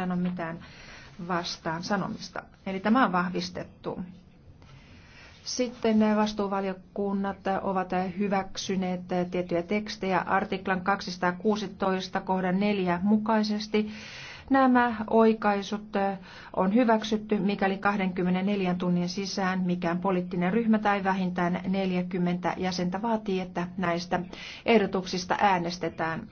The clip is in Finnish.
Ei ole mitään vastaan sanomista. Eli tämä on vahvistettu. Sitten vastuuvaliokunnat ovat hyväksyneet tiettyjä tekstejä artiklan 216 kohdan 4 mukaisesti. Nämä oikaisut on hyväksytty, mikäli 24 tunnin sisään mikään poliittinen ryhmä tai vähintään 40 jäsentä vaatii, että näistä ehdotuksista äänestetään.